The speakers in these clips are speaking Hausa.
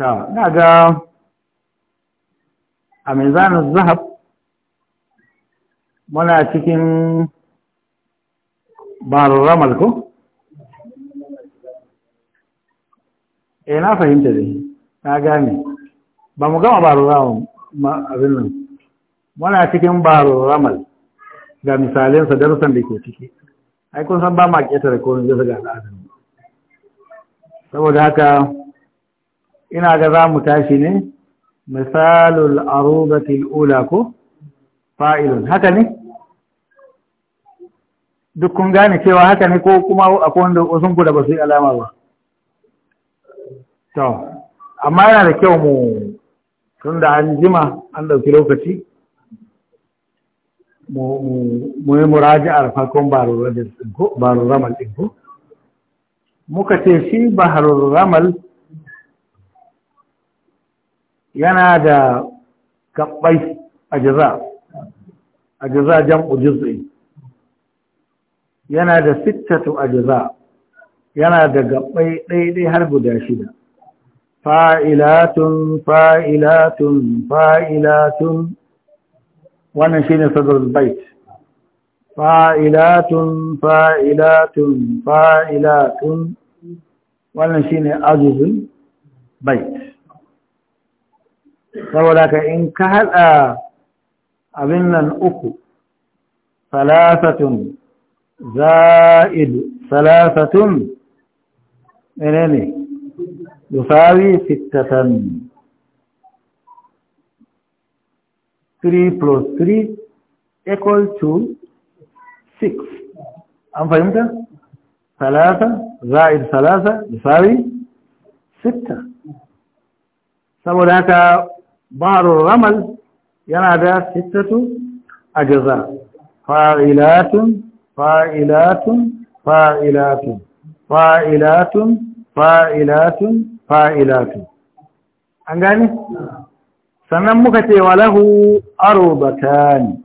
ta na ga a mizanin zahab muna cikin barin ramal ko? eh na fahimta dai na gane ba mu gama barin ramal abin nan muna cikin barin ramal ga misalinsa darussan da ke ciki ai kun san ba ma ƙetare ko yanzu ga al'adun saboda haka ina ga za mu tashi ne misalul arubatil ula ko fa'ilun haka ne duk kun gane cewa haka ne ko kuma akwai wanda wasun guda da ba su yi alama ba to amma yana da kyau mu tun da an jima an ɗauki lokaci mu yi muraji'ar farkon barurramal ɗin ko muka ce shi barurramal yana da gabbai a jaza a jaza jam'u juz'i yana da sittatu a jaza yana da gabbai ɗaiɗai har guda shida fa'ilatun fa'ilatun fa'ilatun wannan shine sadrul bait fa'ilatun fa'ilatun fa'ilatun wannan ne ajuzul bait saboda ka in ka haɗa abin nan uku salasatun za'id salasatun ne ne yusawi sittatan 3 plus 3 equal to 6 an fahimta? salasa za'id salasa yusawi sitta saboda haka barun ramal yana da sittatu a gaza. fa'ilatun fa'ilatun fa'ilatun fa'ilatun fa'ilatun fa'ilatun an gani? sannan muka ce walahu arubatani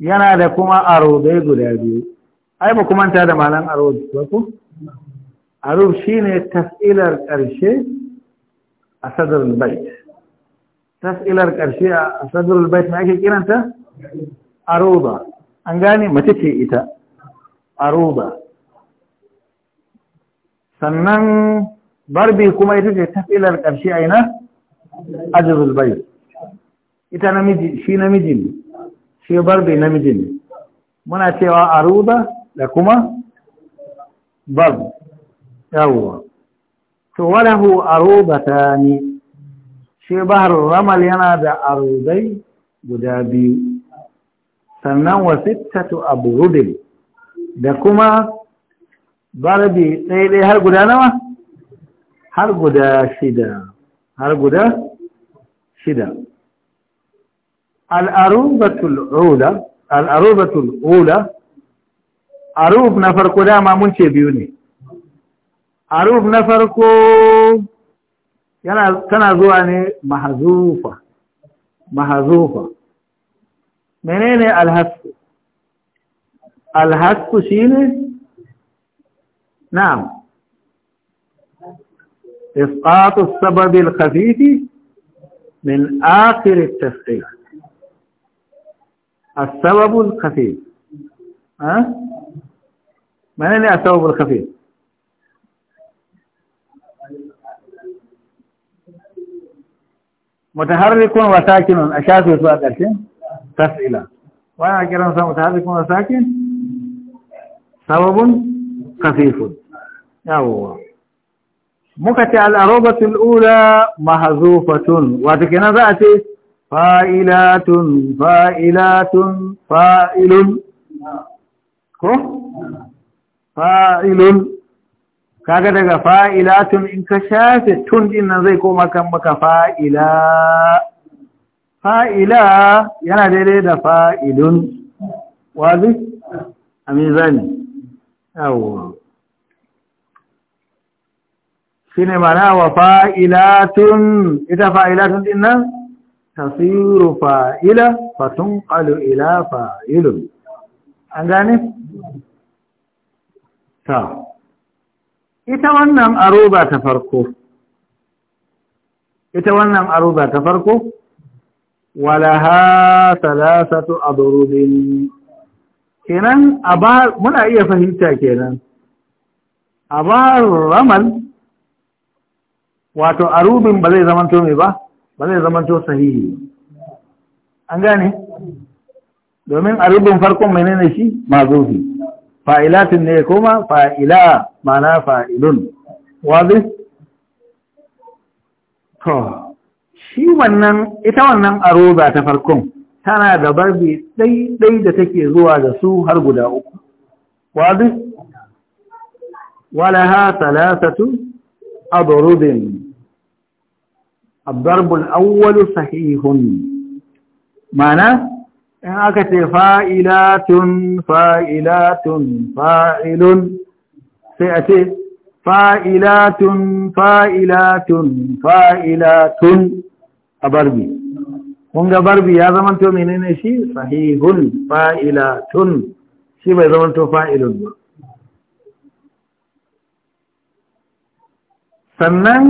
yana da kuma arobai guda biyu ai ba kuma ta da malan arod ba ku arod shine tas'ilar ƙarshe a sadar bait tas'ilar ƙarshe a sadrul bait me ake kiranta aruba an gane mace ce ita aruba sannan barbi kuma ita ce tas'ilar ƙarshe a ina ajrul bait ita namiji shi namiji ne shi barbi namiji ne muna cewa aruba da kuma barb yawwa to walahu arubatani shi bahar ramal yana da arzai guda biyu sannan wasittatu abrudin da kuma barbi ɗaya har guda nawa har guda shida har guda shida al'arubatul ula arub na farko dama mun ce biyu ne arub na farko yana tana zuwa ne mahazufa mahazufa menene alhasku alhasku shine na'am إسقاط السبب الخفيف من آخر التفقير السبب الخفيف ها أه؟ ما هي السبب الخفيف mutaharrikun wa sakinun a shafe su a ƙarshen tasila wani a kiran sa mutaharrikun wa sakin sababun kafifun yawowa muka ce al'arobatul ula mahazufatun wata kenan za a ce fa'ilatun fa'ilatun fa'ilun ko fa'ilun kaga daga fa'ilatun in ka shafe tun din nan zai koma kan maka fa'ila fa'ila yana daidai da fa'ilun wazi a mizani yawo shi ne mana wa fa'ilatun ita fa'ilatun din nan tasiru fa'ila fatun ƙalu ila fa'ilun an gane? ta ita wannan aroba ta farko ita wannan aroba ta farko walaha salasatu adrubin kenan abar muna iya fahimta kenan abar ramal wato arubin ba zai zamanto me ba ba zai zamanto sahihi an gane domin arubin farkon menene shi mazufi fa'ilatin ne kuma fa'ila Mana fa'ilun wazi to shi wannan ita wannan aroba ta farkon tana da barbi ɗaiɗai da take zuwa da su har guda uku wazi walaha salasatu adrubin الضرب الأول صحيح معنى إن أكت fa'ilatun فائلات fa'ilun. sai a ce fa'ilatun fa'ilatun fa'ilatun a barbi kun ga barbi ya zamanto menene shi sahihun fa'ilatun shi bai zamanto fa'ilun ba sannan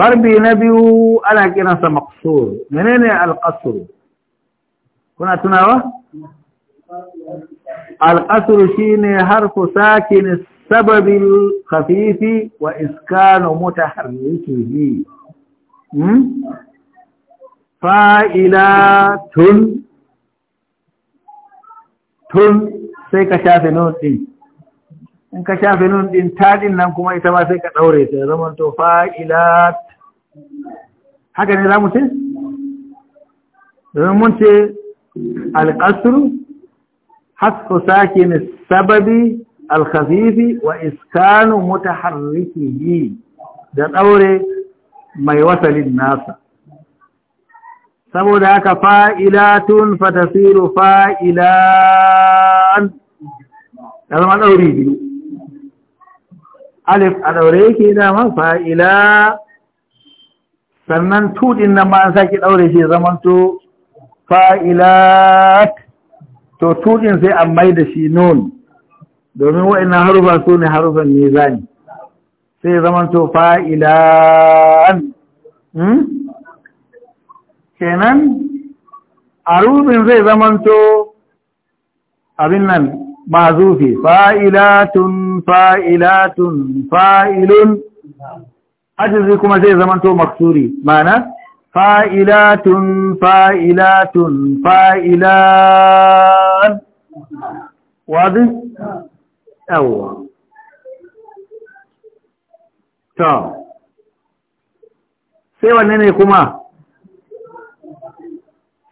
barbi na biyu ana kiransa maksur menene alƙasur kuna tunawa alƙasur shine harfu sakinis. wa بسبب الخفيف وإسكان متحركه Fa'ila tun sai ka shafe nun ɗin in ka shafe nun ɗin taɗin nan kuma ita ma sai ka ɗaure ta zama to fa'ilat haka ne za mu ce? domin mun ce alƙasuru hasfu sake ne sababi alkhafifi wa iskanu mutaharrikihi da daure mai wasalin nasa saboda haka fa'ilatun fatasiru fa'ilan da zama ɗauri biyu alif a ɗaure yake dama fa'ila sannan tuɗin nan ma an sake ɗaure shi zamanto fa'ilat to tuɗin sai an mai da shi nun domin wa'annan harufa su ne harufan mizani sai zaman to fa'ilan kenan a arubin zai zaman to abin nan mazufi fa'ilatun fa'ilatun fa'ilun ajizi kuma zai zaman to maksuri mana fa'ilatun fa'ilatun fa'ilan wazi yawwa to sai wanne ne kuma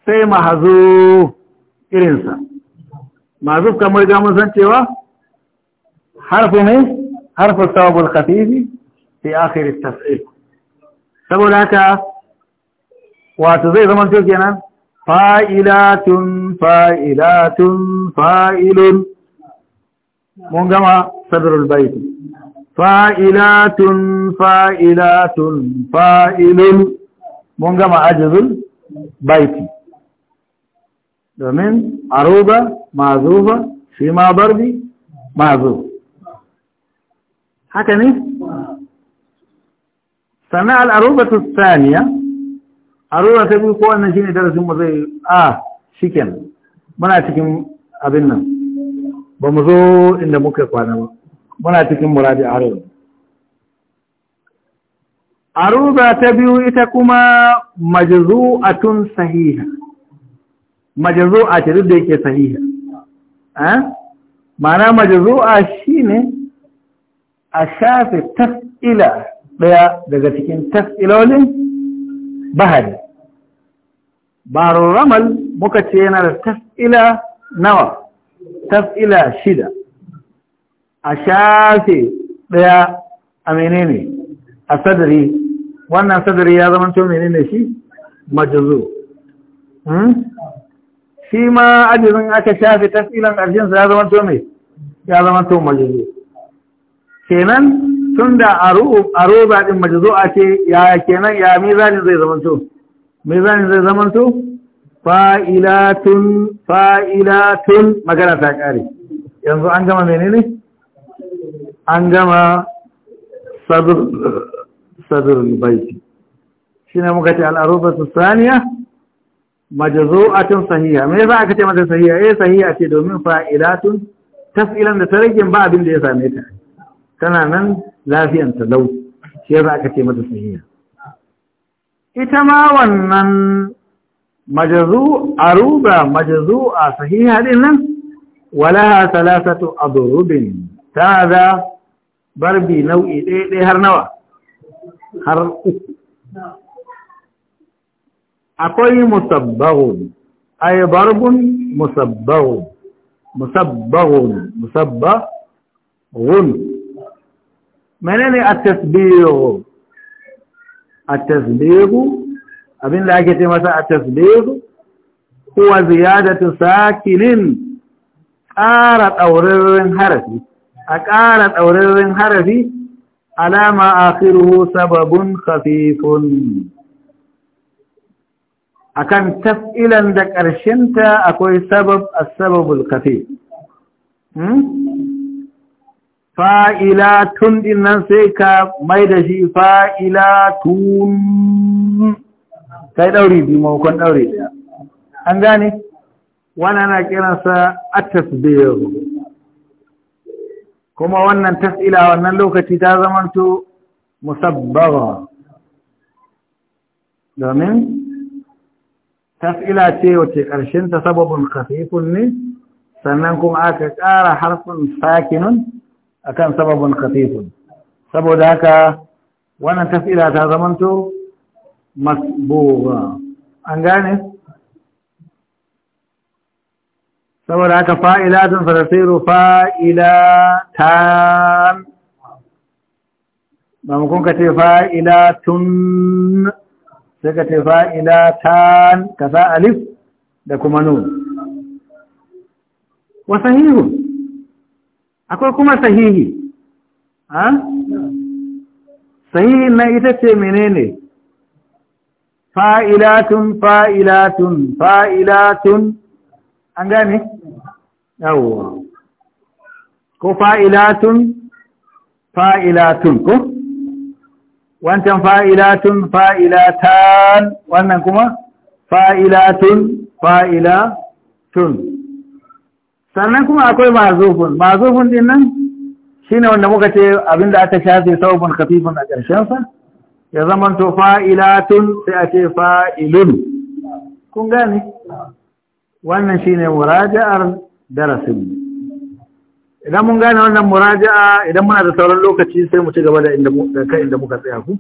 sai mahazu irinsa mazuf kamar ga mun san cewa harfu ne harfu sawabul khafifi fi akhir at-tas'il saboda haka wato zai zama to kenan fa'ilatun fa'ilatun fa'ilun mun gama sadarul bait fa'ilatun fa'ilatun fa'ilun mun gama ajizul baiti domin aruba mazuba shi ma barbi mazu haka ne sana al'arubatu saniya aruba ta biyu wannan shi ne darasinmu zai a ah, shiken muna cikin abin nan ba mu zo inda muka kwana ba muna cikin muradi a harin aruza ta biyu ita kuma tun sahiha majzu'a ta duk da yake sahiha eh ma'ana majzu'a shine a shafe tas'ila daya daga cikin tas'ilolin bahari barun ramal muka ce yana da tas'ila nawa tafila shida a shafe ɗaya a menene a sadari wannan sadari ya zama to menene shi majazu hmm? shi ma ajizin aka shafe tafilan ƙarshensa ya zama to mai ya zama to majazu kenan tun da a roba ɗin majazu a ce ya kenan ya mizanin zai zama to mizanin zai zama to fa'ilatun fa'ilatun magana ta ƙare yanzu an gama menene an gama sadur baiti ne muka ce su saniya tun sahiya me za a kace mata sahiha eh sahiya ce domin fa'ilatun tas'ilan da ta rage ba abin da ya same ta tana nan lafiyan ta lau shi za aka ce mata sahiya ita ma wannan majazu aruba majazu a sahiha din nan walaha salasatu adrubin ta da barbi nau'i ɗaya ɗaya har nawa har uku akwai musabbahun ay barbun musabbahun musabbahun musabbahun menene at-tasbih at-tasbih abin da ake ce masa a tasbihu kuwa ziyadatu sakinin ƙara ɗaurarren harafi a ƙara ɗaurarren harafi alama akhiruhu sababun khafifun akan taf'ilan da ƙarshenta akwai sabab as-sababul khafif hmm? fa'ilatun din nan sai ka mai da shi fa'ilatun kai ɗauri biyu maimakon ɗauri ɗaya an gane wani ana kiransa atasbiru kuma wannan tas'ila wannan lokaci ta zamanto musabbara domin tas'ila ce wace ƙarshenta sababin kafifun ne sannan kuma aka ƙara harfin sakinun akan sababin kafifun saboda haka wannan tas'ila ta zamanto masbuga an gane saboda haka Faila fa'ilatun Faila ta ba mu kunka ce tun, sai ka ce ta ka sa alif da kuma nun wa sahihu akwai kuma sahihi ha sahihin na ita ce menene fa'ilatun fa'ilatun fa'ilatun an gane yawon ko fa'ilatun fa'ilatun ko wancan fa'ilatun fa'ilatan wannan kuma fa'ilatun fa'ilatun sannan kuma akwai mazufun mazufun din nan ne wanda muka ce abinda aka shafe saubun kafifun a ƙarshensa ya to fa'ilatun sai a ce fa'ilun kun gane wannan shi ne muraja'ar darasin idan mun gane wannan muraja'a idan muna da sauran lokaci sai mu ci gaba da inda muka tsaya ku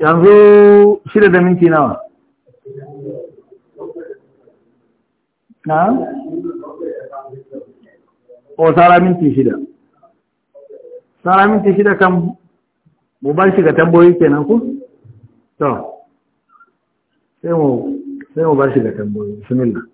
yanzu shida da minti nawa na? o tsara minti shida Sara minti shida kan mu bar shi ga tamboyi kenan ku? To, sai mu bar shi ga tamboyi, bismillah.